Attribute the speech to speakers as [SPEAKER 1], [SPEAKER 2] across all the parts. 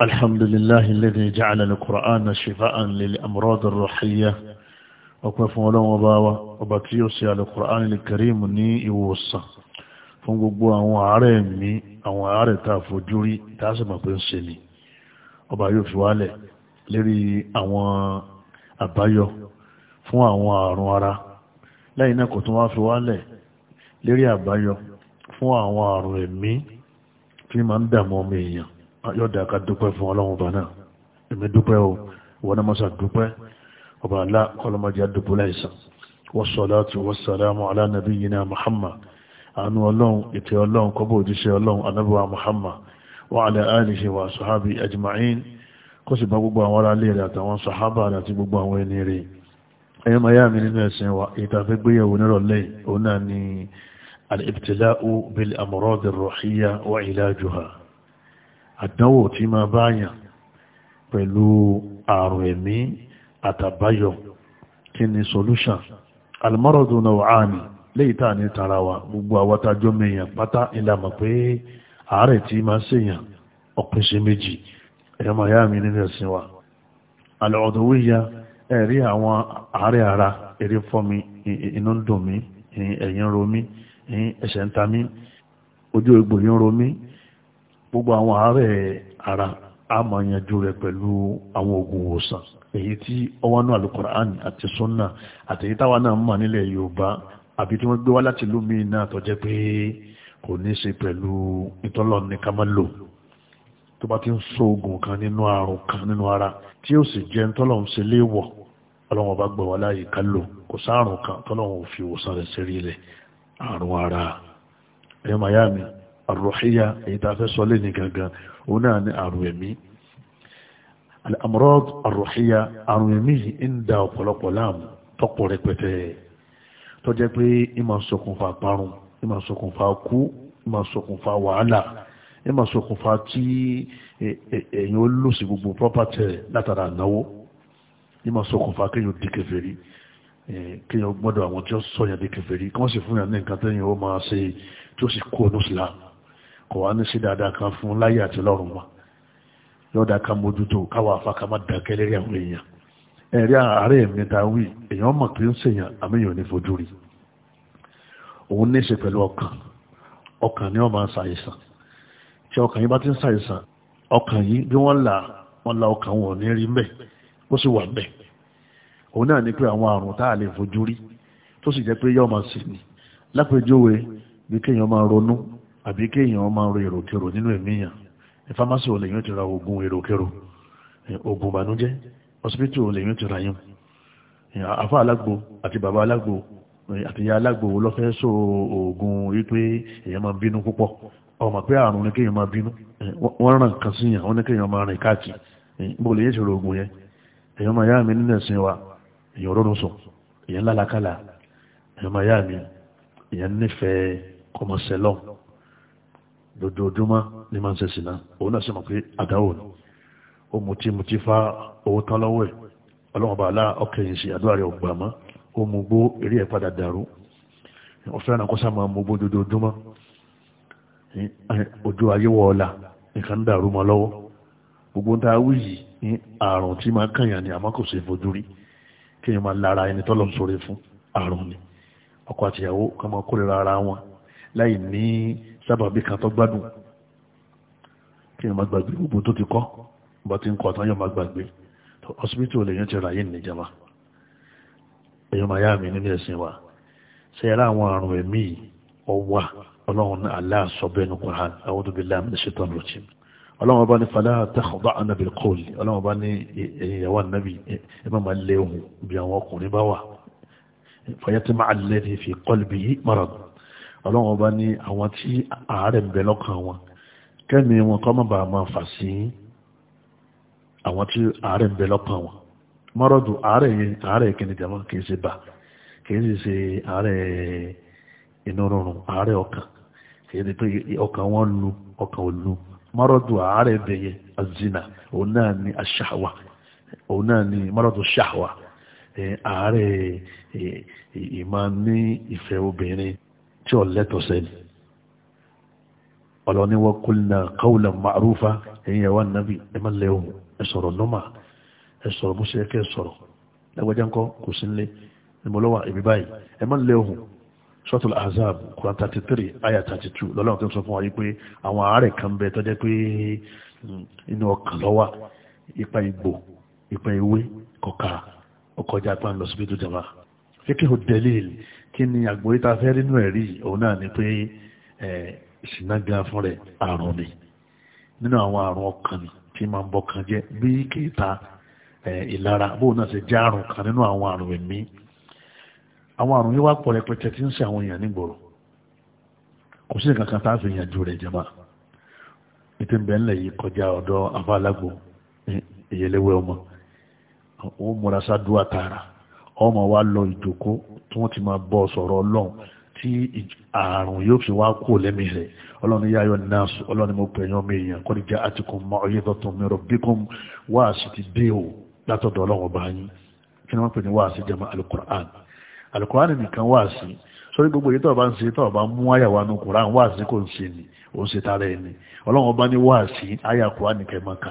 [SPEAKER 1] الحمد لله الذي جعل القرآن شفاء للأمراض الروحية ọpẹ́ fún ọlọ́run ọba wa ọba tí ó ṣe alùkùrán alkarim ní ìwòsàn fún gbogbo àwọn àárẹ̀ mi àwọn àárẹ̀ tá a fojú rí tá a sì mọ̀ pé ń ṣe ni ọba yóò fi wálẹ̀ lérí àwọn àbáyọ fún àwọn àrùn ara lẹ́yìn náà kò tún wá fi wálẹ̀ lérí àbáyọ fún àwọn àrùn ẹ̀mí tí máa ń dààmú ọmọ èèyàn yóò dá ká dúpẹ́ fún ọlọ́run ọba náà èmi dúpẹ́ o wọn náà mọ́sá dúpẹ́ ọba alá kọlọmọdé àdúgbò láìsàn wassalatu wassalamu ala nabiyyina muhammad àánú ọlọ́run ètò ọlọ́run kọ́bọ̀ òjíṣẹ́ ọlọ́run anábíwá muhammad wa ala alihi wa sahabi ajma'in kó sì bá gbogbo àwọn aráalé rẹ̀ àtàwọn sahaba rẹ̀ àti gbogbo àwọn ẹni rẹ̀ ẹ̀yẹ́ máa yá mi nínú àdánwò tí máa bá yàn pẹ̀lú àrùn ẹ̀mí àtàbáyọ kí ni solution almaradu naw'ani léyìí tá ní tara wa gbogbo àwọ́tajọ́ mẹ́yàn pátá ilẹ̀ àmọ̀ pé àárẹ̀ tí máa ṣèyàn ọ̀pìn sí méjì ẹ̀yọ́ máa yá mi nílẹ̀ sí wa al'udawiyya ẹ̀rí àwọn àárẹ̀ ara eré fọ́ mi inú ń dùn mí ẹ̀yìn ro ẹ̀ṣẹ̀ ń ta mí ojú egbò yín ro gbogbo àwọn àárẹ̀ ara a máa yanjú rẹ̀ pẹ̀lú àwọn oògùn òsàn èyí tí ọwọ́ náà alukoran àti sunna àtẹ̀yí táwa náà mọ̀ nílẹ̀ yorùbá àbí tí wọ́n gbé wá láti ìlú míì náà tó jẹ́ pé kò ní ṣe pẹ̀lú ìtọ́lọ̀ ní ká máa lò tó bá ti ń so oògùn kan nínú àrùn kan nínú ara tí ó sì jẹ́ tọ́lọ̀ ń ṣe léèwọ̀ ọlọ́run ọba gbọ̀ wá láàyè ká kò sáàrùn kan tọ́lọ̀ ò fi ìwòsàn rẹ̀ ṣe rí ilẹ̀ àrùn ara ẹ̀yọ́ miami àrùhíyà èyí tá a fẹ́ sọ lé ní gangan òun náà ní àrùn ẹ̀mí àmọ́rọ́ àrùhíyà àrùn ẹ̀mí yìí ń da ọ̀pọ̀lọpọ̀ láàmú tọ́pọ̀ rẹpẹtẹ tó jẹ́ pé ì máa ṣokùnfà parun ì máa ṣokùnfà kú ì máa ṣokùnfà wàhálà ì máa ṣokùnfà kí èèyàn ó lòsì gbogbo property látara ànáwó ì máa ṣokùnfà kéèyàn di kèfèrí kéèyàn gbọ́dọ̀ àwọn tí ó sọ̀yàn di kèfèrí kí wọ́n sì fún yàn ní nǹkan tẹ́yìn ó máa ṣe tí ó sì kú ọdún sílámù kò wá ní sí dáadáa kan fún láyé àti lọ́rùn wa yọ́dá ká mójútó káwà afákámá dákẹ́ lérí àwọn èèyàn ẹ̀rí ààrẹ mi ta wí èèyàn mọ̀ pé ń sèyàn àmìyàn ní fojú rí òun ní ṣe pẹ̀lú ọkàn ọkàn ni wọ́n máa ń ṣàìsàn tí ọkàn yìí bá ti ń ṣàìsàn ọkàn yìí bí wọ́n là wọ́n la ọkàn wọn ní rí mbẹ́ ó sì wà mbẹ́ òun náà ní pé àwọn àrùn tá a lè fojú rí tó sì jẹ́ pé yọ́ máa sì ní lápèjúwe bí kéèyàn máa ronú àbí kéèyàn máa ro èròkèrò nínú èmìyàn ní fámásì ò lèyìn ti ra oògùn èròkèrò oògùn ìbànújẹ́ ọsibítù ò lèyìn ti ra yún àfá alágbo àti bàbá alágbo àti ìyá alágbo lọ́fẹ́ so oògùn wípé èèyàn máa bínú púpọ̀ ọmọ pé àrùn ní kéèyàn máa bínú wọ́n ràn kan síyàn wọ́n ní kéèyàn máa rìn káàkiri bó lèyìn ti ra oògùn yẹn èèyàn máa yá mi nínú ẹ̀sìn wa èèyàn rọrùn sùn èèyàn lálàkálà èèyàn máa yá mi èèyàn nífẹ̀ẹ́ kọmọsẹ̀lọ́n dojoojúmọ́ ní máa ń ṣe sínà òun náà sì mọ̀ pé àdáwò ni ó mu tí mu ti fa owó tán lọ́wọ́ ẹ̀ ọlọ́mọba alá ọkẹyìn sí àdúrà rẹ̀ ọgbà mọ́ ó mu gbó eré ẹ̀ padà dàrú ó fẹ́ràn kó sáà mu gbó dojoojúmọ́ ojú ayé wọ ọ̀la nǹkan dàrú mọ́ lọ́wọ́ gbogbo ń ta awí yìí ní àrùn tí máa kàyàn ni àmọ́ kò sí fojú rí kéèyàn máa lára ẹni tọ́lọ́ sórí fún àrùn ni ọkọ àtìyàwó kọ́ máa kórìíra ara wọn láì ní sábàbí kan tó gbádùn kí ẹ má gbàgbé gbogbo tó ti kọ́ bá ti ń kọ́ tán yóò má gbàgbé hospital lèyàn ti ràyè nìjọba èyàn máa yá mi nínú ẹ̀sìn wa ṣe ara àwọn àrùn ẹ̀mí ọwà ọlọ́run Allah sọ bẹ́ẹ̀ ní Qur'an a'udhu billahi minash shaitani rajim ọlọ́run bá ní àwọn ọkùnrin fi qalbihi marad ọlọ́run ọba ní àwọn tí àárẹ̀ ń bẹ lọ́kàn wọn kẹ́mi wọn kọ́ mọ̀bà máa fà sí àwọn tí àárẹ̀ ń bẹ lọ́kàn wọn mọ́rọ̀dù àárẹ̀ yẹn àárẹ̀ kìíní jama kìí ṣe bà kìí sì ṣe àárẹ̀ inú rọrùn àárẹ̀ ọkàn kìí ṣe pé ọkàn wọn lu ọkàn ò lu mọ́rọ̀dù àárẹ̀ bẹ̀yẹ azina òun náà ni aṣáwa òun náà ni mọ́rọ̀dù ṣáwa àárẹ̀ ìmọ̀ ní ìfẹ́ obìnrin tí ó lẹ́tọ̀ sẹ́ni ọlọ́ni wa qulna qawlan ma'rufa ẹ̀yìn ẹ̀wà nàbí ẹmà lẹ́wọ̀n ẹ̀sọ̀rọ̀ nọ́mà ẹ̀sọ̀rọ̀ bó ṣe kẹ́ sọ̀rọ̀ ẹgbẹ́já ńkọ́ kò sí nílé ìmọ̀lọ́wà ìbí báyìí ẹmà lẹ́wọ̀n suratul ahzab quran 33 ayah 32 lọ́lọ́run tó sọ fún wa yí pé àwọn àárẹ̀ kan bẹ tó jẹ́ pé hmm, inú ọkàn lọ́wà ipa ìgbò ipa ewé kọ̀ọ̀kà ọkọ̀já pa ń síbi tó jàmá fíkẹ́ kí ni àgbóyé ta fẹ́ rínú ẹ̀rí òun náà ni pé ṣìnágan fún rẹ̀ àrùn ni nínú àwọn àrùn ọkàn ni tí máa ń bọkàn jẹ́ bí kìíta ìlara bóun náà ṣe jẹ́ àrùn kan nínú àwọn àrùn ẹ̀mí àwọn àrùn yìí wá pọ̀ rẹpẹtẹ tí ń ṣe àwọn èèyàn nígboro kò sí nǹkan kan tá a fi yànjú rẹ̀ jẹ́ máa ètò ìbẹ̀ńlẹ̀ yìí kọjá ọ̀dọ̀ afálágbó ìyẹlẹ́wẹ́ ọmọ ó múra sádùá tààrà ọmọ wa lọ ìjòkó tí wọ́n ti máa bọ́ sọ̀rọ̀ ọlọ́run tí ààrùn yóò fi wá kú lẹ́mí rẹ̀ ọlọ́run yá yọ nọ́ọ̀sì ọlọ́run mo pè yán mi èèyàn kọ́ ni jẹ́ àtìkùn mọ́ ọyẹ́ tuntun mi bí kún wáàsí ti dé o látọ̀dọ̀ ọlọ́run ọba yín kí ni wọ́n pè ní wáàsí jẹ́mọ́ alukur'an alukur'an nìkan wáàsí sórí gbogbo èyí tó bá ń ṣe tó bá mú àyàwó anú kùrán wáàsí kò ń ṣe ni ó ń ṣe tara ẹni ọlọ́run ọba ní wáàsí àyà kùrán nìkan mọ́ka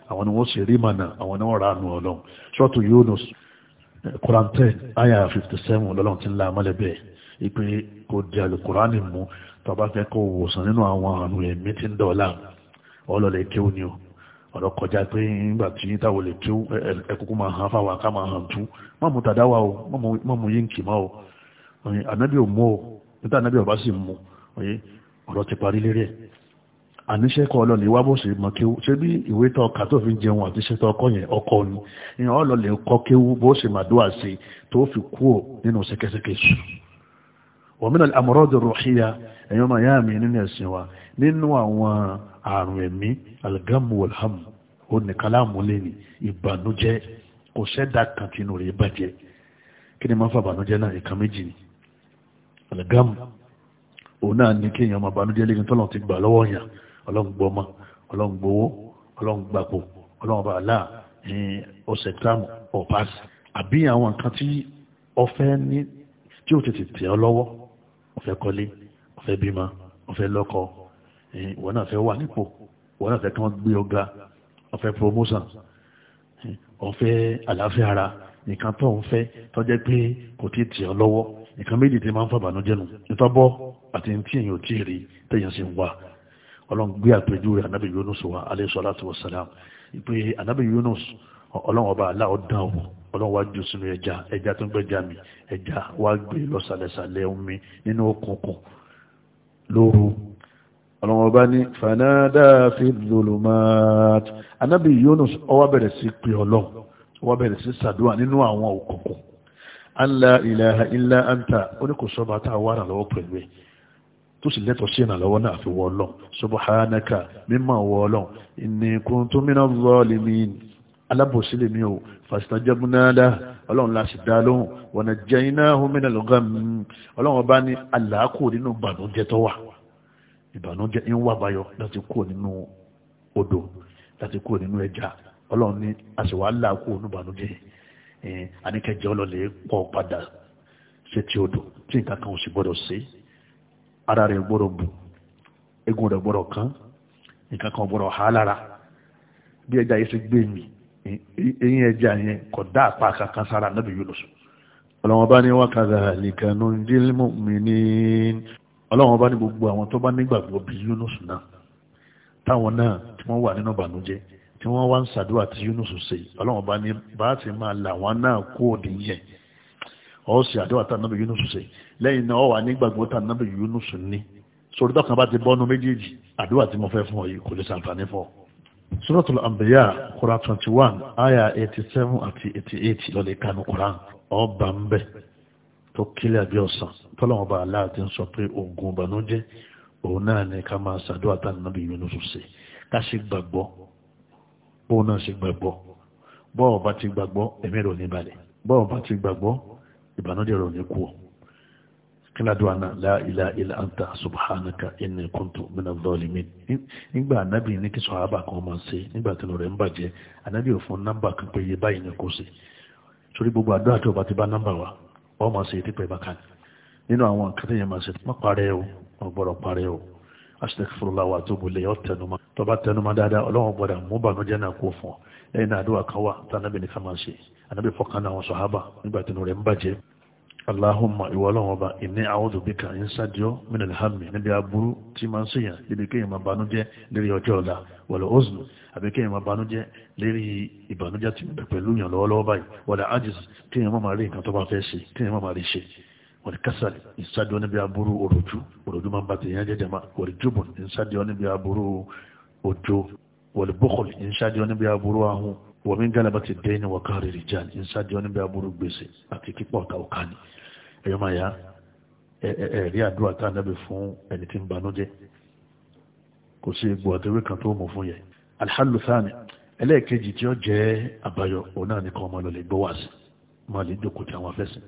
[SPEAKER 1] àwọn ni wọ́n sì rí mànà àwọn ni wọ́n rà nù ọlọ́run ṣọ́ọ̀tù Yunus Quran ten aya fifty ti ń la amọ́lẹ̀ bẹ́ẹ̀ ipe kò di alukurani mú tọba fẹ́ wòsàn nínú àwọn àrùn ẹ̀mí tí ń dọ̀ọ́lá ọlọ́lẹ̀ kéwù ni o ọ̀rọ̀ kọjá pé nígbà tí táwọn lè tó ẹkùnkùn máa hàn fáwọn aká máa hàn tú má mú tàdáwà o má mú yínkì má o ànábì ò mú o níta ànábì ọba sì mú ọ̀rọ̀ ti parí lérí ẹ̀ àníṣẹ́ kọ́ ọlọ́ni wá bó ṣe mọ̀ kéwú ṣé bí ìwé tó ọkà tó fi ń jẹun àti iṣẹ́ tó ọkọ yẹn ọkọ ni ìyẹn ọlọ́ni kọ́ kéwú bó ṣe màdúrà sí tó fi kú ò nínú ṣẹkẹṣẹkẹ sùn. wọ́mínà àmọ́rọ́dọ̀ rọ̀ṣíya ẹ̀yọ́ máa yá mi nínú ẹ̀sìn wa nínú àwọn àrùn ẹ̀mí algamu walham ó ní kálámù ọlọ́ngbọ́mọ ọlọ́ngbowó ọlọ́ngbàpò ọlọ́ngbà àlá ọ̀sẹ̀ tíráàmù ọ̀páàsì àbí àwọn nǹkan tí ọfẹ́ ní tí ó tètè tẹ̀ ọ́ lọ́wọ́ ọfẹ́ kọ́lé ọfẹ́ bímọ ọfẹ́ lọ́kọ wọn náà fẹ́ wà nípò wọn náà fẹ́ kí wọ́n gbé ọ̀gá ọfẹ́ promotion ọfẹ́ àlàáfíà ara nìkan tó ń fẹ́ tọ́jẹ́ pé kò tí ì tẹ̀ ọ́ lọ́wọ́ nìkan méjì tí máa ń fàbànújẹ́ nù nítọ́bọ́ àti ní tí èèyàn ò tí ì rí tẹ̀yàn sì ń wà ọlọ́run gbé àpèjú rẹ̀ anábì yunus wa alayhi salatu wa salam ìpè anábì yunus ọlọ́run ọba aláwọ̀ dán o ọlọ́run wá jù sínú ẹja ẹja tó ń gbẹ́jà mi ẹja wá gbé lọ́sàlẹ̀sàlẹ̀ omi nínú òkùnkùn lóru ọlọ́run ọba ní fanada fi dhulumat anábì yunus ó bẹ̀rẹ̀ sí pé ọlọ́run ó bẹ̀rẹ̀ sí sàdúrà nínú àwọn òkùnkùn an ilaha illa anta oníkùsọ́ba tá a wà lọ́wọ́ pẹ̀lú ẹ̀ tó sì lẹ́tọ̀ sí ìrànlọ́wọ́ náà fi wọ́ ọlọ́n subhanaka mímọ̀ wọ́ ọlọ́n inni kuntu minaz zalimin alábòsí lè mí o fastajabna lahu ọlọ́run láti dá lóhùn wa najjaynahu minal gham ọlọ́run bá ní àlàákò nínú ìbànújẹ́ tó wà ìbànújẹ́ ń wà báyọ̀ láti kúrò nínú odò láti kúrò nínú ẹja ọlọ́run ní àṣewà àlàákò nínú ìbànújẹ́ àníkẹ́jẹ́ ọlọ́lẹ̀ pọ̀ padà ṣe ti odò tí nǹkan kan ò sì gbọ́dọ̀ sí ara rẹ̀ gbọ́dọ̀ bù egun rẹ̀ gbọ́dọ̀ kán nǹkan kan ẹja yìí ṣe mi eyín ẹja yẹn dá kankan sára nábì Yunus ọlọ́wọ́n bá ní wa kadhalika mi mu'minin ọlọ́wọ́n bá ní gbogbo àwọn tó bá nígbàgbọ́ bí Yunus náà táwọn náà tí wọ́n wà nínú ìbànújẹ́ tí wọ́n wá ń ṣàdúrà tí Yunus ṣe ọlọ́wọ́n bá ní bá ti máa náà kó ọ̀ sì àdéhùn tá nàbì Yunus ṣe lẹ́yìn náà ọ̀ wà nígbàgbọ́ tá nàbì Yunus ní sórí dọ́kan bá ti bọ́nu méjèèjì àdéhùn tí mo fẹ́ fún ọ kò lè ṣàǹfààní fún ọ. suratul kura twenty one aya eighty seven àti eighty eight lọ́lẹ̀ kanu quran ọba ń bẹ̀ tó kílẹ̀ àbí ọ̀sán tọ́lọ́wọ́n bá aláà ti ń sọ pé oògùn ìbànújẹ́ òun náà ni ká máa ṣàdúrà tá nàbì Yunus ṣe ká sì gbàgbọ́ bóun náà sì gbàgbọ́ bọ́ọ̀ bá ti gbàgbọ́ ẹ̀mí rò ní balẹ̀ bọ́ọ̀ bá ti gbàgbọ́ ìbànújẹ́ rẹ̀ ò ní kú ọ kínádùá náà la ilaha illa anta subhanaka inni kuntu minaz zalimin nígbà anábì ní kí sọ̀hábà kan máa ṣe nígbà tí lọ́rẹ̀ ń bàjẹ́ anábì ò fún nọ́mbà kan pé iye báyìí ni kò ṣe torí gbogbo àdúrà tí ọba ti bá nọ́mbà wa wọ́n máa ṣe ìdípẹ́ bákan nínú àwọn nǹkan tí yẹn máa ṣe má parẹ́ o ọgbọ́dọ̀ parẹ́ o astaghfirullah wa atubu ilayhi ọ tẹnuma àwọn sọ̀hábà nígbà tí lọ́rẹ̀ ń bàjẹ́ Allahumma ìwọ ọlọ́run ọba ìní a'udhu bika ń sájọ́ min al-hammi níbi aburú tí máa ń sèyàn níbi kéèyàn máa banújẹ́ lérí ọjọ́ ọ̀la wala huzn àbí kéèyàn máa banújẹ́ lérí ìbànújẹ́ ti bẹ̀ pẹ̀lú yàn lọ́wọ́lọ́wọ́ báyìí wala ajiz kéèyàn máa rí nǹkan tó bá fẹ́ ṣe kéèyàn máa rí ṣe wala kasal ìsájọ́ níbi aburú òròjú òròjú máa ń bá tèèyàn jẹ́ jẹ́ma wala jubun ìsájọ́ níbi aburú òjò wala bukhul ìsájọ́ níbi aburú ahun wọ̀mí gálàbà ti dé ní wọ̀kárí rìjàn ìsájọ́ níbẹ̀ aburú gbèsè àti kíkọ́ ọ̀tá ọ̀ká ni ẹ̀yọ́ máa yá ẹ̀rí àdúrà tá ànábì fún ẹni tí ń banújẹ́ kò sí egbò àtẹwé kan tó mú fún yẹ alḥalu thani ẹlẹ́ẹ̀kejì tí ó jẹ́ àbáyọ òun náà nìkan ọmọ lọlẹ̀ gbọ́ wá sí máa lè jókòó ti àwọn afẹ́sìn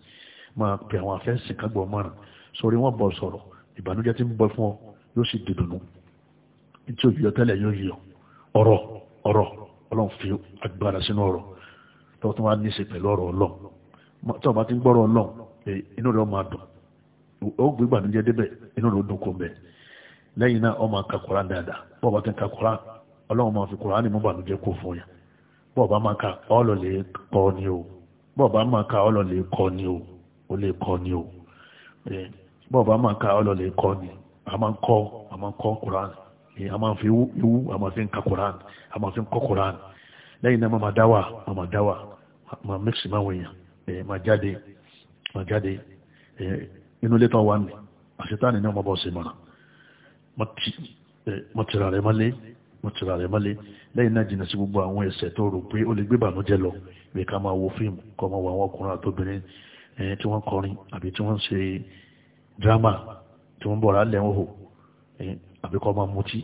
[SPEAKER 1] máa pe àwọn afẹ́sìn kágbọ́ márùn sórí wọn bọ̀ sọ̀rọ̀ ìbànújẹ́ tí ń bọ̀ fún ọ yóò sì dìdùnú tí òbí yóò yí ọ̀rọ̀ ọ̀rọ̀ ọlọ́run fi agbára sínú ọ̀rọ̀ tọ́wọ́ tó wá ní í ṣe pẹ̀lú ọ̀rọ̀ ọlọ́run tí ọba ti ń gbọ́rọ̀ ọlọ́run inú rẹ̀ ọmọ àdùn ó gbé ìbànújẹ́ débẹ̀ inú rẹ̀ ó dùn kó mẹ́ lẹ́yìn náà ọmọ dáadáa ti ń ọlọ́run fi kó o ó lè kọ́ ni o a máa fi ewu a máa fi ń ka koran a máa fi ń kọ́ koran lẹ́yìn náà máa dáwà máa dáwà máa mẹ́sì máa wọ̀nyàn máa jáde máa jáde inú ilé tán wà ní àṣetáni náà máa bọ̀ sí mọ́ra mo tìrà rẹ̀ mọ́lé mo tìrà rẹ̀ mọ́lé lẹ́yìn náà jìnnà sí gbogbo àwọn ẹ̀ṣẹ̀ tó rò pé ó lè gbé ìbànújẹ́ lọ bí ká máa wo fíìmù kọ́ máa wo àwọn ọkùnrin àtobìnrin tí wọ́n kọrin àbí tí wọ́n ṣe dírámà tí wọ́n bọ̀rọ̀ àbí kọ́ máa mutí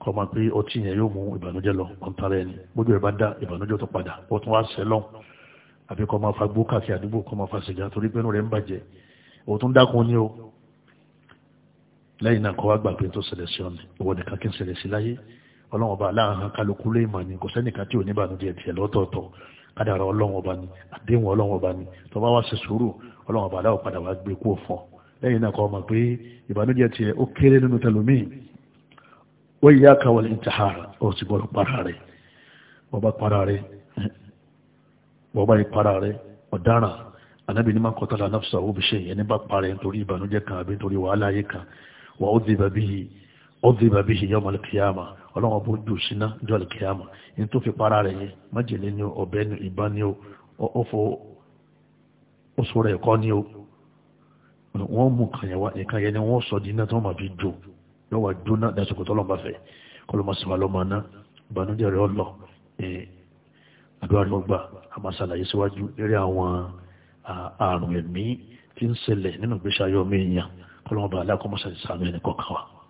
[SPEAKER 1] kọ́ máa pé ọtí yẹn yóò mú ìbànújẹ́ lọ ọ̀ntara ẹni gbogbo ẹ̀ bá dá ìbànújẹ́ tó padà ó tún wá sẹ́ lọ́n àbí kọ́ máa fa gbó káàkiri àdúgbò kọ́ máa fa sìgá torí pé inú rẹ̀ ń bàjẹ́ ó tún dákun ní o lẹ́yìn náà kọ́ wá gbà pé tó ṣẹlẹ̀ sí ọ̀nì ìwọ nìkan kí n ṣẹlẹ̀ sí láyé ọlọ́run ọba aláhàn kálukú lè mà ní kò sẹ́nìkan tí ò ní ìbànújẹ́ tiẹ̀ lọ́tọ̀ọ̀tọ̀ kádàrá ọlọ́run ọba ni àdéhùn ọlọ́run ọba ni tó bá wá ṣe sùúrù ọlọ́run ọba aláwọ̀ padà wá gbé kú òfò lẹ́yìn náà kọ́ ọmọ pé ìbànújẹ́ tiẹ̀ ó kéré nínú tẹlómìn wọ́n yíyá kawal intihara ó sì gbọ́dọ̀ para rẹ̀ bọ́bá para rẹ̀ bọ́bá yìí para rẹ̀ ọ̀daràn anábì ní máa ń kọ́tàlá nafsa ó fi ṣe ìyẹn ní bá para ẹ̀ nítorí ìbànújẹ́ kan àbí nítorí wàhálà ayé kan wà ó dìbà bíi ó dìbà bíi yọmọ alikiyama ọlọ́wọ́n bó dùn síná jọ alikiyama ní tó fi para rẹ̀ yẹn májèlé ni ọ̀bẹ ni ìbá ni ó fọ oṣù rẹ̀ kọ́ ni ó wọ́n mú nǹkan yẹn ni wọ́n sọ yóò wà dúná dasùkò tọ́lọ́ bá fẹ́ kọlọ́mọ sọ̀rọ̀ lọ́mọ aná ìbànújẹ́ rẹ̀ ọlọ àdúrà rẹ̀ ọgbà àmà sàlàyé síwájú eré àwọn àrùn ẹ̀mí tí ń ṣẹlẹ̀ nínú ìgbésí ayé ọmọ èèyàn kọlọ́mọ bá aláàkọ́mọ́sàlẹ̀ kọ̀ọ̀kan wa